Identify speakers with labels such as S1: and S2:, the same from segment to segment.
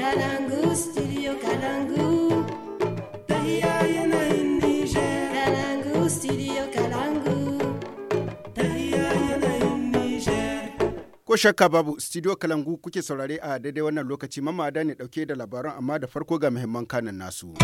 S1: Kalangu, studio Kalangu.
S2: Ko shakka babu studio Kalangu kuke saurare a daidai wannan lokaci mamada ne dauke da labaran amma da farko ga muhimman kanan nasu.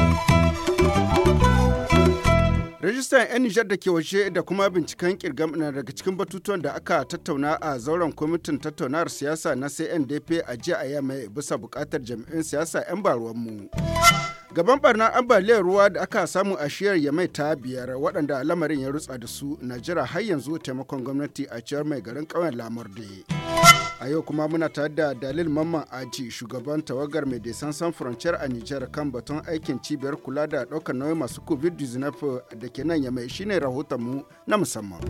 S2: Rajistan 'yan Nijar da ke waje da kuma binciken kirgam na daga cikin batutuwan da aka tattauna a zauren kwamitin tattaunawar siyasa na CNDP a jiya a yamai bisa bukatar jami'in siyasa 'yan baruwanmu. Gaban barnar ambaliyar ruwa da aka samu a shiyar yamai ta biyar waɗanda lamarin ya rutsa da su na jira har yanzu taimakon gwamnati a ciyar mai garin ƙauyen Lamurde. a yau kuma muna tare da dalil mamman aji shugaban tawagar medecins san frontiere a nijar kan batun aikin cibiyar kula da ɗaukar nauyi masu covid-19 da ke nan ya yamai shine rahoton mu na musamman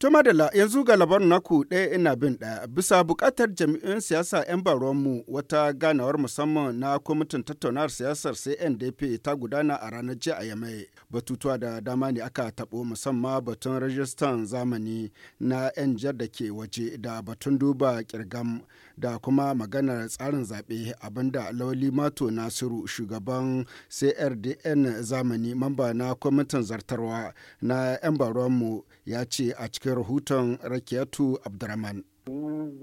S2: To madalla yanzu ga labarin naku ɗaya ina bin ɗaya bisa buƙatar jami'in siyasa 'yan baronmu wata ganawar musamman na kwamitin tattaunawar siyasar CNDP ta gudana a ranar jiya a Yamai. Batutuwa da dama ne aka taɓo musamman batun rajistan zamani na 'yan jar da ke waje da batun duba kirgam da kuma maganar tsarin zaɓe abinda Lauli Mato Nasiru shugaban CRDN zamani mamba na kwamitin zartarwa na 'yan mu ya ce a cikin rahoton Rakiyatu Abdurrahman. Mun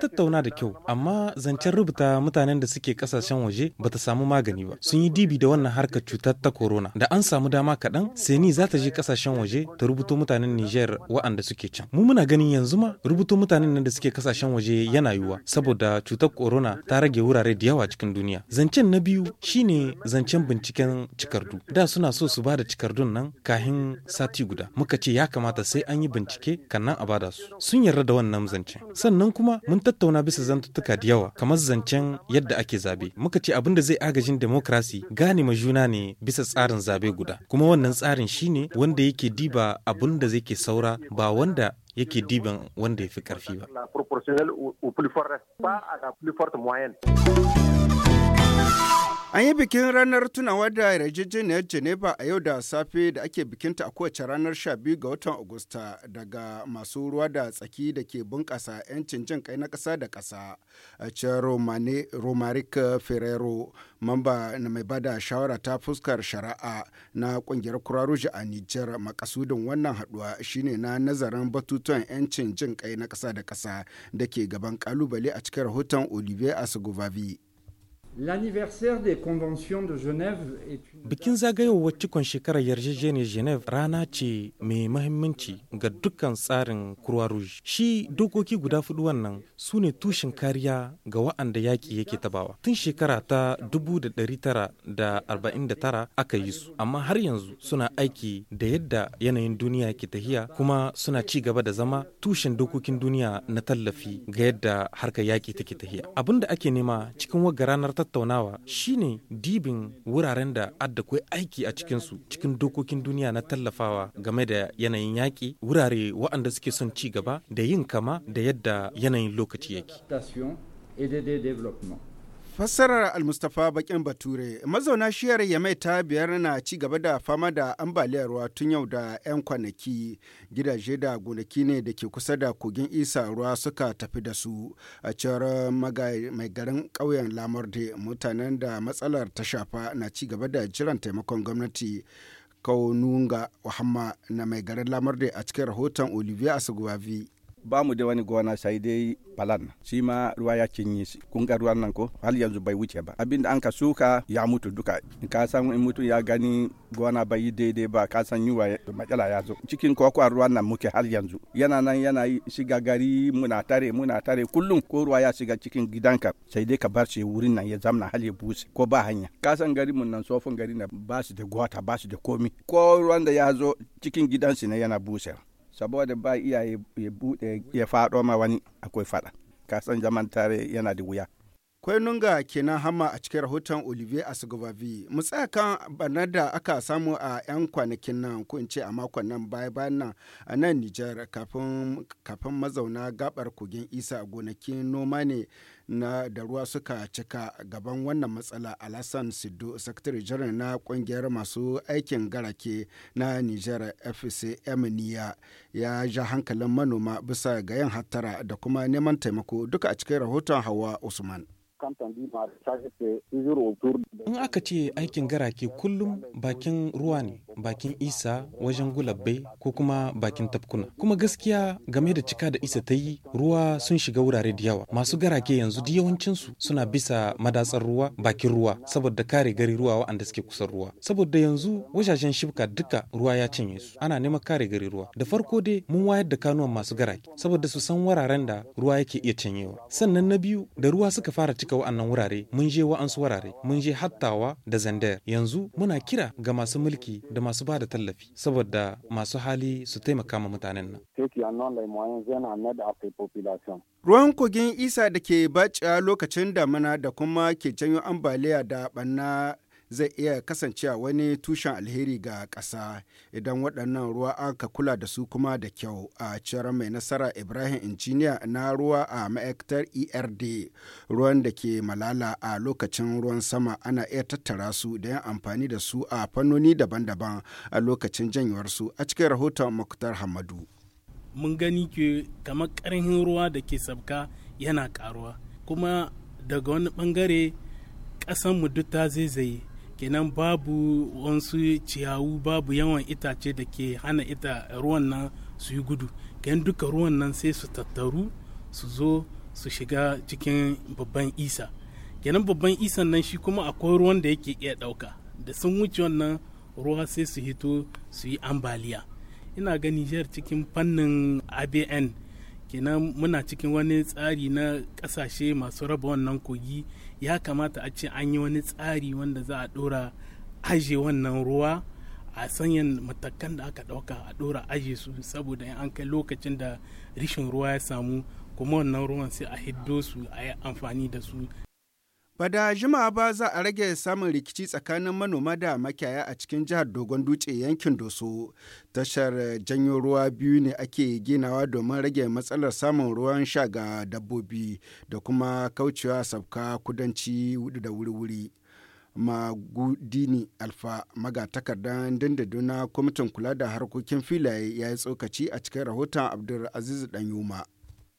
S3: tattauna da kyau, amma zancen rubuta mutanen da suke kasashen waje ba ta samu magani ba. Sun yi dibi da wannan harkar cutar ta corona. Da an samu dama kaɗan, Seni za ta je kasashen waje ta rubuto mutanen Nijar waɗanda suke can. Mu muna ganin yanzu ma rubuto mutanen nan da suke kasashen waje yana yiwuwa saboda cutar corona ta rage wurare da yawa cikin duniya. Zancen na biyu shine zancen binciken cikardu. Da suna so su ba da cikardun nan kahin sati guda. Muka ce ya kamata sai an yi bincike kannan a bada su sun yarda da wannan zancen sannan kuma mun tattauna bisa zantuttuka da yawa kamar zancen yadda ake zabe muka ce abin da zai agajin demokrasi gane ma juna ne bisa tsarin zabe guda kuma wannan tsarin shine wanda yake diba abin da zai ke saura ba wanda yake diban wanda ya fi karfi ba.
S2: An yi bikin ranar tunawa da yarjejeniyar Geneva a yau da safe da ake bikinta a kowace ranar 12 ga watan Agusta daga masu ruwa da tsaki da ke bunƙasa 'yancin jin kai na ƙasa da ƙasa. A cewar Romaric Ferrero, mamba na mai bada shawara ta fuskar shari'a na ƙungiyar Kuraruji a Nijar makasudin wannan haɗuwa shine na nazarin batutuwan 'yancin jin kai na ƙasa da ƙasa da ke gaban ƙalubale a cikin rahoton Olivier Asugovavi.
S3: Bikin zagayowar cikon shekarar yarjejeniyar Genève rana ce mai mahimmanci ga dukkan tsarin Croix Rouge. Shi dokoki guda fudu wannan su ne tushen kariya ga wa'anda yaƙi yake tabawa. Tun shekara ta 1949 aka yi su, amma har yanzu suna aiki da yadda yanayin duniya ke tahiya kuma suna ci gaba da zama tushen dokokin duniya na tallafi ga yadda harkar yaƙi take tahiya. Abin da ake nema cikin wagga ranar tattaunawa shine dibin wuraren da adda kwai aiki a cikinsu cikin dokokin duniya na tallafawa game da yanayin yaƙi wurare waɗanda suke son ci gaba da yin kama da yadda yanayin lokaci yake.
S2: Fassarar Almustapha Bakin Bature mazauna shiyar Yamai ta biyar na ci gaba da fama da ambaliyar ruwa tun yau da 'yan kwanaki gidaje da gonaki ne da ke kusa da kogin isa ruwa suka tafi da su a cewar mai garin ƙauyen Lamurde mutanen da matsalar ta shafa na ci gaba da jiran taimakon gwamnati. Kaununga Wahama na mai garin Lamurde a cikin rahoton Olivier Asugubavi. ba mu da wani gona sai dai falan shi ma ruwa ya cinye shi kun ga ruwan nan ko har yanzu bai wuce ba abinda an ka suka ya mutu duka ka san in mutum ya gani gona bai daidai ba ka san yiwa matsala ya zo cikin kwakwa ruwan nan muke har yanzu yana nan yana shiga gari muna tare muna tare kullum ko ruwa ya shiga cikin gidanka sai dai ka bar shi wurin nan ya zamna hal ya buse ko ba hanya ka san gari mun nan sofin gari na ba su da gwata ba su da komi ko ruwan da ya zo cikin gidansu ne yana busewa saboda ba iyaye ya bude ya faɗo ma wani akwai faɗa kasan zaman tare yana da wuya Kwainunga kenan hama a cikin rahoton Olivier Asgobavi. Mu tsaya kan barnar da aka samu a 'yan kwanakin nan ko ce a makon nan baya bayan nan a nan Nijar kafin mazauna gabar kogin Isa gonakin noma ne na da ruwa suka cika gaban wannan matsala Alasan Siddo sakatare jiran na kungiyar masu aikin garake na Nijar FCM Niya ya ja hankalin manoma bisa ga yin hattara da kuma neman taimako duka a cikin rahoton Hawa Usman.
S3: In aka ce aikin ke kullum bakin ruwa ne, bakin isa wajen gulabbai ko kuma bakin tafkuna kuma gaskiya game da cika da isa ta yi ruwa sun shiga wurare da yawa masu garake yanzu da yawancinsu suna bisa madatsar ruwa bakin ruwa saboda kare gari ruwa wa'anda suke kusan ruwa saboda yanzu wajajen shibka duka ruwa ya cinye su ana neman kare gari ruwa da farko dai mun wayar da kanuwan masu garake saboda su san wararen da ruwa yake iya cinyewa sannan na biyu da ruwa suka fara cika wa'annan wurare mun je wa'ansu wurare mun je hattawa da zander. yanzu muna kira ga masu mulki da da masu ba da tallafi saboda masu hali su taimaka ma mutanen nan.
S2: Ruwan kogin isa da ke baciya lokacin damina da kuma ke janyo ambaliya da ɓanna zai iya kasancewa wani tushen alheri ga ƙasa idan waɗannan ruwa aka kula da su kuma da kyau a cewar mai nasara ibrahim injiniya na ruwa a ma'aikatar erd ruwan da ke malala a lokacin ruwan sama ana iya tattara su da yin amfani da su a fannoni daban-daban a lokacin janyuwarsu a cikin rahoton makutar hamadu mun gani ke kamar karhin ruwa da ke sabka yana ƙaruwa kuma daga wani bangare mu duk ta zaizaye kenan babu wasu ciyawu babu yawan itace da ke hana ita ruwan nan su yi gudu kenan duka ruwan nan sai su tattaru su zo su shiga cikin babban isa kenan babban isan nan shi kuma akwai ruwan da yake iya ɗauka da sun wuce wannan ruwa sai su hito su yi ambaliya ina ga nijar cikin fannin abn kenan muna cikin wani tsari na kasashe masu raba wannan kogi ya kamata a ce an yi wani tsari wanda za a dora aje wannan ruwa a sanyan matakan da aka dauka a dora aje su saboda an kai lokacin da rishin ruwa ya samu kuma wannan ruwan sai a hiddo su a yi amfani da su Ba da jima'a ba za a rage samun rikici tsakanin manoma da makiyaya a cikin jihar Dogon Dutse yankin Doso. Tashar janyo ruwa biyu ne ake ginawa domin rage matsalar samun ruwan sha ga dabbobi da kuma kaucewa sabka kudanci da wuri-wuri. Magudini Alfa magatakardan dindinduna kwamitin kula da harkokin filaye ya yi tsokaci a cikin rahoton Abdulaziz Danyuma.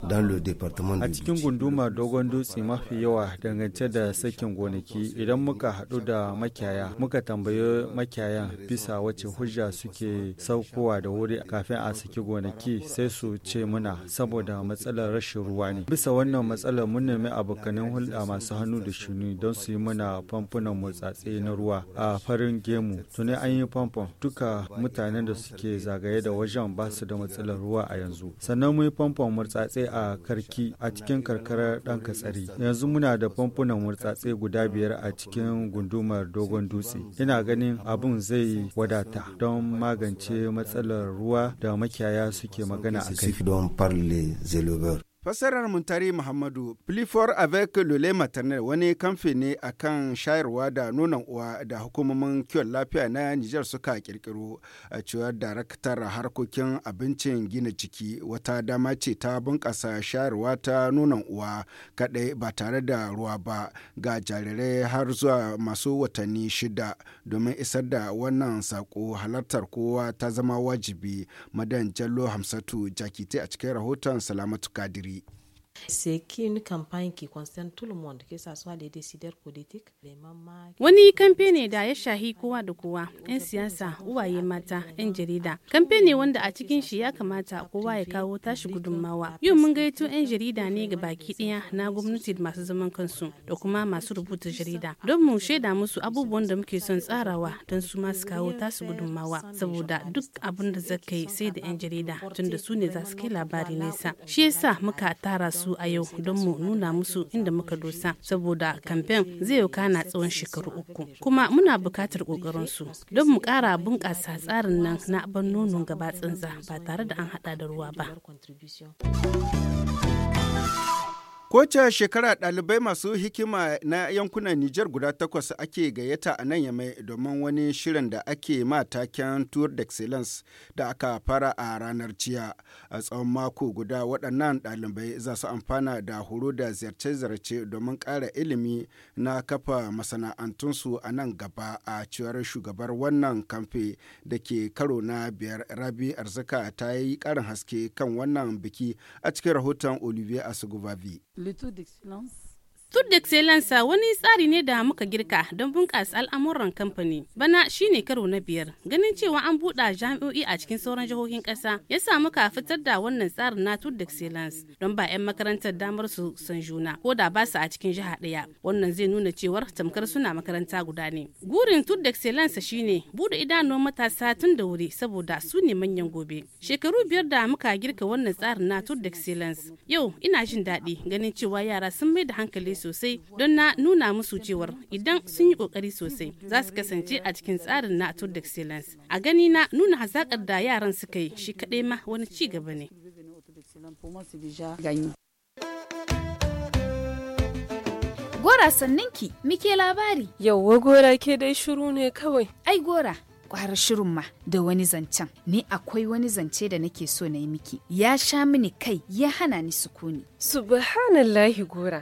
S2: A cikin gunduma dogon dutse mafi yawa dangance da sakin gonaki idan muka haɗu da makiyaya muka tambayi makiyayan bisa wace hujja suke saukowa da wuri kafin a saki gonaki sai su ce muna saboda matsalar rashin ruwa ne. Bisa wannan matsalar mun nemi abokanin hulɗa masu hannu da shuni don su yi muna famfunan motsatse na ruwa a farin gemu tuni an yi famfon duka mutanen da suke zagaye da wajen basu da matsalar ruwa a yanzu sannan mun yi famfon motsatse a karki a cikin karkarar dan katsari yanzu muna da famfunan wurtsatse guda biyar a cikin gundumar dogon dutse ina ganin abun zai wadata don magance matsalar ruwa da makiyaya suke magana a kai Fassarar Muntari Muhammadu, Plifor avec le lait maternel wani kamfe ne a kan shayarwa da nonon uwa da hukumomin kiwon lafiya na Nijar suka kirkiro a cewar daraktar harkokin abincin gina jiki wata dama ce ta bunƙasa shayarwa ta nonon uwa kaɗai ba tare da ruwa ba ga jarirai har zuwa masu watanni shida domin isar da wannan sako halartar kowa ta zama wajibi madan jallo hamsatu jakite a cikin rahoton salamatu kadiri.
S4: Wani kamfe ne da ya shahi kowa da kowa, 'yan siyasa, uwaye mata, 'yan jarida. Kamfe ne wanda a cikin shi ya kamata kowa ya kawo tashi gudunmawa. Yau mun gaito 'yan jarida ne ga baki ɗaya na gwamnati masu zaman kansu da kuma masu rubuta jarida. Don mu shaida musu abubuwan da muke son tsarawa don su masu kawo tasu gudunmawa. Saboda duk abin da zaka yi sai da 'yan jarida tunda su ne za su kai labari nesa. Shi yasa muka tara su su a yau don mu nuna musu inda muka dosa saboda kamfen zai kana tsawon shekaru uku kuma muna bukatar kokarin su don mu ƙara bunƙasa tsarin nan na ban nonon gaba tsantsa ba tare da an haɗa da ruwa ba.
S2: Kowace shekara ɗalibai masu hikima na yankunan Nijar guda takwas ake gayyata a nan yamai domin wani shirin da ake ma taken Tour d'Excellence da aka fara a ranar jiya. A tsawon mako guda waɗannan ɗalibai za su amfana da horo da ziyarce-ziyarce domin ƙara ilimi na kafa masana'antunsu a nan gaba a cewar shugabar wannan kamfe da ke karo na biyar Rabi Arzika ta yi ƙarin haske kan wannan biki a cikin rahoton Olivier Asugubavi. le
S4: taux d'excellence Tour excellence wani tsari ne da muka girka don bunƙasa al'amuran kamfani. Bana shine karo na biyar. Ganin cewa an buɗe jami'o'i a cikin sauran jihohin ƙasa ya sa muka fitar da wannan tsarin na Tour d'excellence don ba 'yan makarantar damar su san juna ko da ba su a cikin jiha ɗaya. Wannan zai nuna cewar tamkar suna makaranta guda ne. Gurin Tour d'excellence shine buɗe idanun matasa tun da wuri saboda su ne manyan gobe. Shekaru biyar da muka girka wannan tsarin na Tour d'excellence. Yau ina jin daɗi ganin cewa yara sun mai da hankali sosai don na nuna musu cewar idan sun yi kokari sosai za su kasance a cikin tsarin na da excellence a gani na nuna hazakar da yaran suka yi shi kaɗai ma wani ci gaba ne
S1: Gora sannan ki muke labari. Yauwa gora ke dai shiru ne kawai. Ai gora, kwarar shirin ma da wani zancen. Ni akwai wani zance da nake so na yi miki. Ya sha mini kai, ya hana ni sukuni. Subhanallahi gora,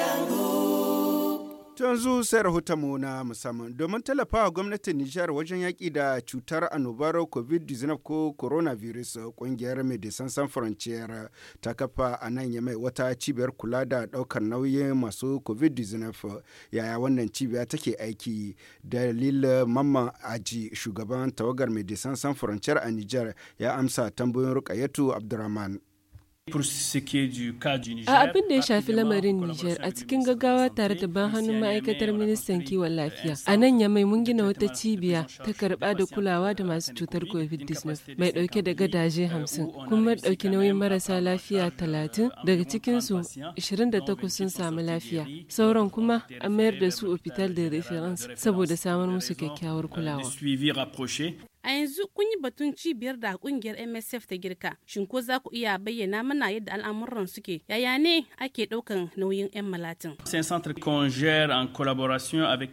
S2: yanzu sai mu na musamman domin tallafawa gwamnatin Nijar wajen yaƙi da cutar annobar COVID-19 ko coronavirus ƙungiyar medecin san Frontier ta kafa a nan ya mai wata cibiyar kula da ɗaukar nauyin masu COVID-19 yaya wannan cibiya take aiki dalil mamman aji shugaban tawagar medecin san Frontier a Nijar ya amsa tambayoyin Rukayatu abdulrahman.
S1: A ah, abin da ya shafi lamarin Nijar a cikin gaggawa tare da ban hannun ma'aikatar ministan kiwon eh, lafiya. A nan ya mai mun gina wata cibiya ta karɓa da kulawa da masu cutar COVID-19 mai ɗauke da gadaje eh, hamsin, kuma ɗauki nauyin marasa lafiya 30 daga cikinsu 28 sun samu lafiya. Sauran kuma an mayar da su ofital da reference saboda samar musu kyakkyawar kulawa.
S4: A yanzu kun yi batun cibiyar da kungiyar MSF ta girka. Shin ko za ku iya bayyana mana yadda al'amuran suke? Yaya ne ake ɗaukan nauyin 'yan malatin?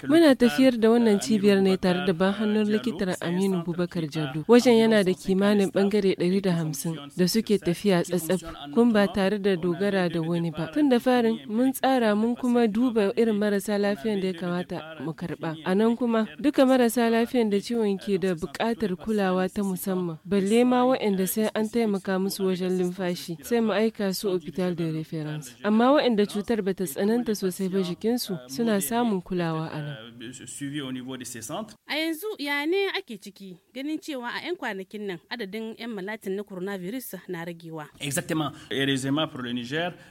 S2: Muna tafiyar
S1: da wannan euh, cibiyar ne tare da ban hannun euh, likitar Aminu Bubakar Jadu. Wajen yana da kimanin bangare 150 da suke tafiya tsatsaf kun ba tare da dogara da wani ba. Tun da farin mun tsara mun kuma duba irin marasa lafiyan da ya kamata mu karba. A nan kuma duka marasa lafiyan da ciwon ke da bukata buƙatar kulawa ta musamman, balle ma waɗanda sai an taimaka musu wajen lumfashi sai mu aika su hospital da reference. Amma waɗanda cutar bata tsananta sosai ba jikinsu suna samun kulawa a nan.
S4: A yanzu ya ne ake ciki ganin cewa a 'yan kwanakin nan adadin 'yan malatin na coronavirus na ragewa.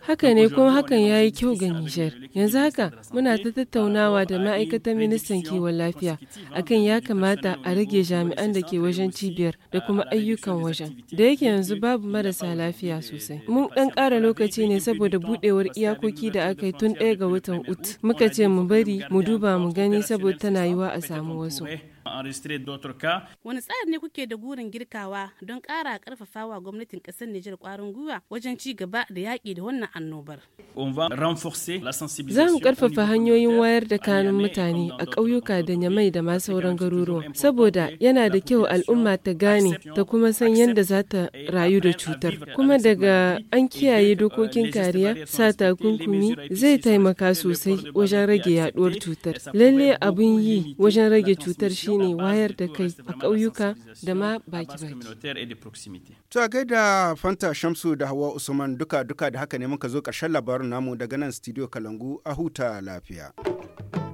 S1: Haka ne kuma hakan ya yi kyau ga Nijar. Yanzu haka muna ta tattaunawa da ma'aikatan ministan kiwon lafiya akan ya kamata a rage jami'an da ke wajen cibiyar da kuma ayyukan wajen. Da yake yanzu babu marasa lafiya sosai. Mun ɗan ƙara lokaci ne saboda buɗewar iyakoki da aka yi tun ɗaya ga watan Ut. Muka ce mu bari mu duba mu gani saboda tana yiwa a samu wasu. Aristide Dotroka.
S2: Wani
S4: tsari ne kuke da gurin girkawa don ƙara ƙarfafawa gwamnatin ƙasar Nijar ƙwarin gwiwa wajen ci gaba da yaƙi
S1: da wannan annobar? Za mu ƙarfafa hanyoyin wayar da kanun mutane a ƙauyuka da nyamai da ma sauran garuruwa, saboda yana da kyau al'umma ta gane ta kuma san yadda za ta rayu da cutar. Kuma daga an kiyaye euh, dokokin kariya sa takunkumi zai taimaka sosai wajen rage yaɗuwar cutar. Lalle abun yi wajen rage cutar shi ne wayar da kai a ƙauyuka da ma baki-baki.
S2: To a gaida Fanta Shamsu da Hawa Usman duka-duka da haka ne muka zo karshen labarin namu daga nan studio Kalangu a huta lafiya.